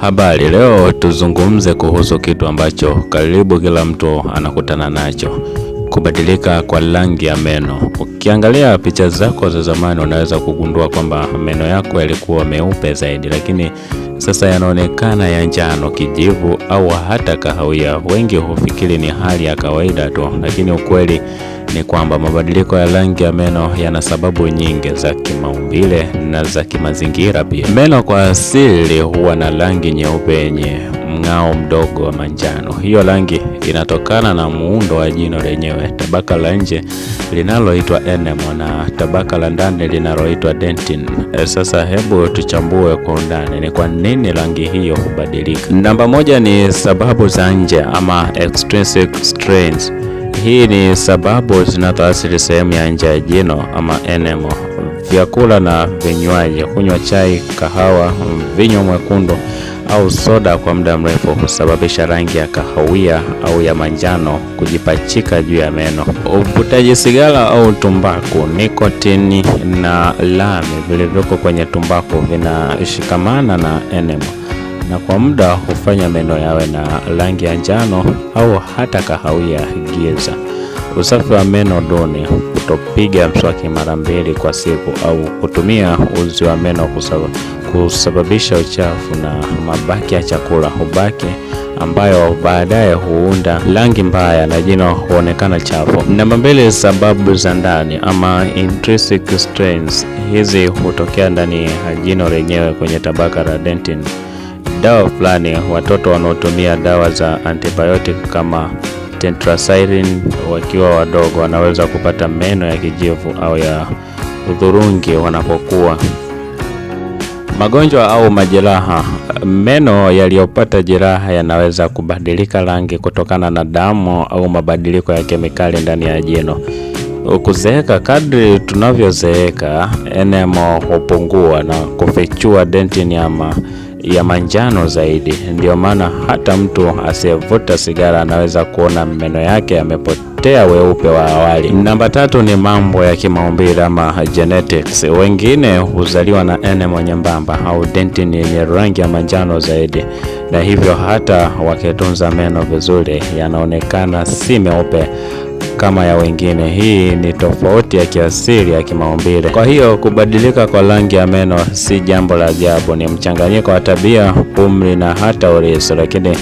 Habari, leo tuzungumze kuhusu kitu ambacho karibu kila mtu anakutana nacho, kubadilika kwa rangi ya meno. Ukiangalia picha zako za zamani, unaweza kugundua kwamba meno yako yalikuwa meupe zaidi, lakini sasa yanaonekana ya njano, kijivu au hata kahawia. Wengi hufikiri ni hali ya kawaida tu, lakini ukweli ni kwamba mabadiliko ya rangi ya meno yana sababu nyingi za kimaumbile na za kimazingira pia. Meno kwa asili huwa na rangi nyeupe yenye mng'ao mdogo wa manjano. Hiyo rangi inatokana na muundo wa jino lenyewe, tabaka la nje linaloitwa enamel na tabaka la ndani linaloitwa dentin. Eh, sasa hebu tuchambue kwa undani ni kwa nini rangi hiyo hubadilika. Namba moja ni sababu za nje ama extrinsic strains. Hii ni sababu zinazoathiri sehemu ya nje ya jino ama enamel. Vyakula na vinywaji, kunywa chai, kahawa, vinywa mwekundu au soda kwa muda mrefu husababisha rangi ya kahawia au ya manjano kujipachika juu ya meno. Uvutaji sigara au tumbaku, nikotini na lami vilivyoko kwenye tumbaku vinashikamana na enema na kwa muda hufanya meno yawe na rangi ya njano au hata kahawia giza. Usafi wa meno duni kutopiga mswaki mara mbili kwa siku au kutumia uzi wa meno kusababisha uchafu na mabaki ya chakula hubaki ambayo baadaye huunda rangi mbaya na jino huonekana chafu. Namba mbili, sababu za ndani ama intrinsic stains. Hizi hutokea ndani ya jino lenyewe kwenye tabaka la dentin. Dawa fulani, watoto wanaotumia dawa za antibiotic kama Tetracycline wakiwa wadogo wanaweza kupata meno ya kijivu au ya udhurungi wanapokuwa. Magonjwa au majeraha. Meno yaliyopata jeraha yanaweza kubadilika rangi kutokana na damu au mabadiliko ya kemikali ndani ya jino. Kuzeeka. Kadri tunavyozeeka enemo hupungua na kufichua dentini ama ya manjano zaidi. Ndiyo maana hata mtu asiyevuta sigara anaweza kuona meno yake yamepotea kutetea weupe wa awali. Namba tatu ni mambo ya kimaumbile ama genetics. Wengine huzaliwa na enamel nyembamba au dentin yenye rangi ya manjano zaidi, na hivyo hata wakitunza meno vizuri yanaonekana si meupe kama ya wengine. Hii ni tofauti ya kiasili ya kimaumbile. Kwa hiyo kubadilika kwa rangi ya meno si jambo la ajabu, ni mchanganyiko wa tabia, umri na hata urithi, lakini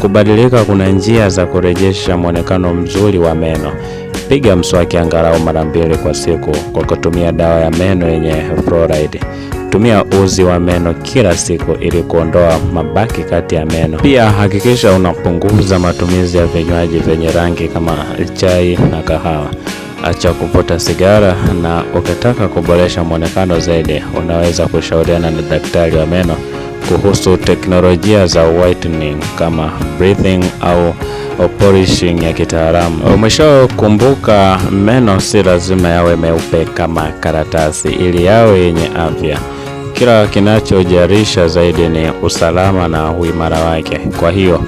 Kubadilika kuna njia za kurejesha mwonekano mzuri wa meno. Piga mswaki angalau mara mbili kwa siku kwa kutumia dawa ya meno yenye fluoride. Tumia uzi wa meno kila siku ili kuondoa mabaki kati ya meno. Pia hakikisha unapunguza matumizi ya vinywaji vyenye rangi kama chai na kahawa. Acha kuvuta sigara, na ukitaka kuboresha mwonekano zaidi, unaweza kushauriana na daktari wa meno kuhusu teknolojia za whitening kama breathing au polishing ya kitaalamu. Oh, mwisho, kumbuka meno si lazima yawe meupe kama karatasi ili yawe yenye afya. Kila kinachojarisha zaidi ni usalama na uimara wake. Kwa hiyo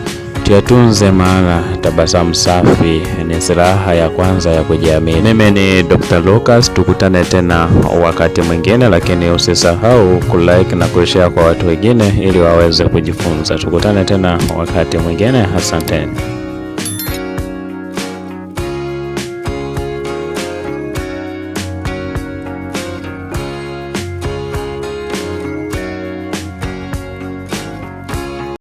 Tuyatunze maana tabasamu safi ni silaha ya kwanza ya kujiamini. Mimi ni Dr. Lucas, tukutane tena wakati mwingine, lakini usisahau kulike na kushare kwa watu wengine ili waweze kujifunza. Tukutane tena wakati mwingine, asanteni.